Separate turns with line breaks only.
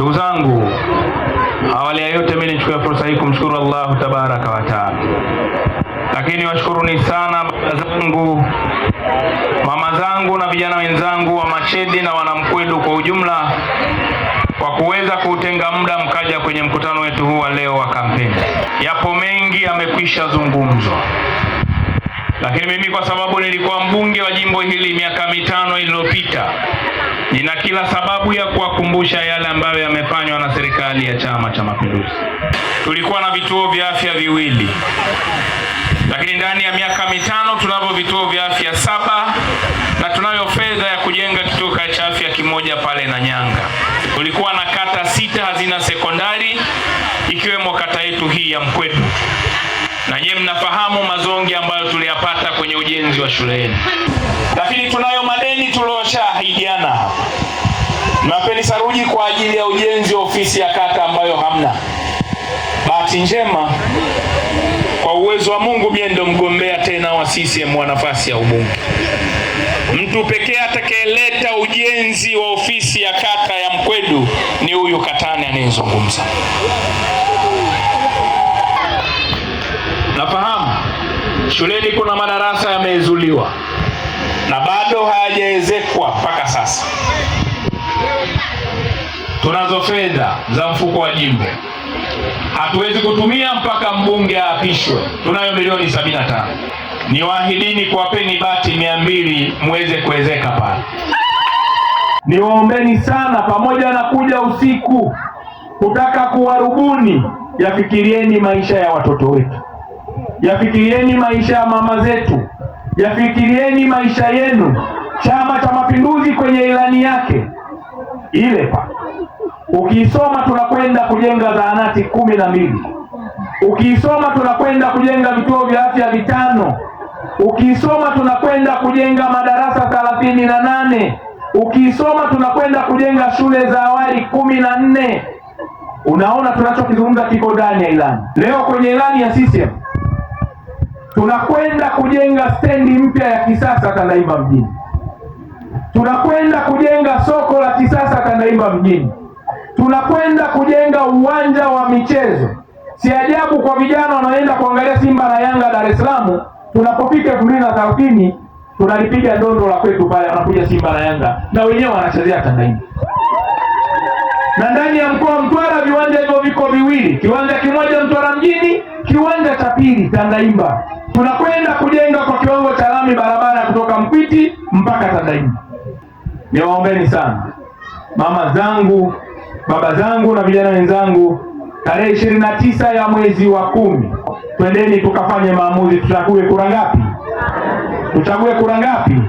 Ndugu zangu, awali ya yote, mimi nichukue fursa hii kumshukuru Allahu tabaraka wa taala, lakini washukuruni sana baba zangu, mama zangu na vijana wenzangu wa Machedi na Wanamkwedu kwa ujumla kwa kuweza kuutenga muda mkaja kwenye mkutano wetu huu wa leo wa kampeni. Yapo mengi yamekwisha zungumzwa, lakini mimi kwa sababu nilikuwa mbunge wa jimbo hili miaka mitano iliyopita nina kila sababu ya kuwakumbusha yale ambayo yamefanywa na serikali ya Chama cha Mapinduzi. Tulikuwa na vituo vya afya viwili, lakini ndani ya miaka mitano tunavyo vituo vya afya saba na tunayo fedha ya kujenga kituo cha afya kimoja pale na Nyanga. Tulikuwa na kata sita hazina sekondari, ikiwemo kata yetu hii ya Mkwetu na nyiye mnafahamu mazonge ambayo tuliyapata kwenye ujenzi wa shule yenu, lakini tunayo madeni tuliyoshaahidiana. Napeni saruji kwa ajili ya ujenzi wa ofisi ya kata ambayo hamna. Bahati njema kwa uwezo wa Mungu, mie ndo mgombea tena wa CCM wa nafasi ya ubunge, mtu pekee atakayeleta ujenzi wa ofisi ya kata ya Mkwedu ni huyu Katani anayezungumza. Shuleni kuna madarasa yamezuliwa na bado hayajaezekwa mpaka sasa. Tunazo fedha za mfuko wa jimbo hatuwezi kutumia mpaka mbunge aapishwe. Tunayo milioni 75. Niwaahidini kuwapeni bati mia mbili muweze kuwezeka pale.
Niwaombeni sana, pamoja na kuja usiku kutaka kuwarubuni, yafikirieni maisha ya watoto wetu yafikirieni maisha ya mama zetu, yafikirieni maisha yenu. Chama cha Mapinduzi kwenye ilani yake ile pa ukiisoma tunakwenda kujenga zahanati kumi na mbili ukiisoma tunakwenda kujenga vituo vya afya vitano ukiisoma tunakwenda kujenga madarasa thelathini na nane ukiisoma tunakwenda kujenga shule za awali kumi na nne. Unaona tunachokizungumza kiko ndani ya ilani. Leo kwenye ilani ya CCM Tunakwenda kujenga stendi mpya ya kisasa Tandahimba mjini. Tunakwenda kujenga soko la kisasa Tandahimba mjini. Tunakwenda kujenga uwanja wa michezo. Si ajabu kwa vijana wanaenda kuangalia Simba na Yanga Dar es Salaam. Tunapofika elfu mbili na thelathini tunalipiga ndondo la kwetu pale, wanakuja Simba na Yanga na wenyewe wanachezea Tandahimba na ndani ya mkoa wa Mtwara viwanja hivyo viko viwili, kiwanja kimoja Mtwara mjini, kiwanja cha pili Tandahimba tunakwenda kujenga kwa kiwango cha lami barabara kutoka Mkwiti mpaka Tandahimba.
Niwaombeni sana mama zangu, baba zangu na vijana wenzangu, tarehe ishirini na tisa ya mwezi wa kumi twendeni tukafanye maamuzi. Tuchague kura ngapi? Tuchague kura ngapi?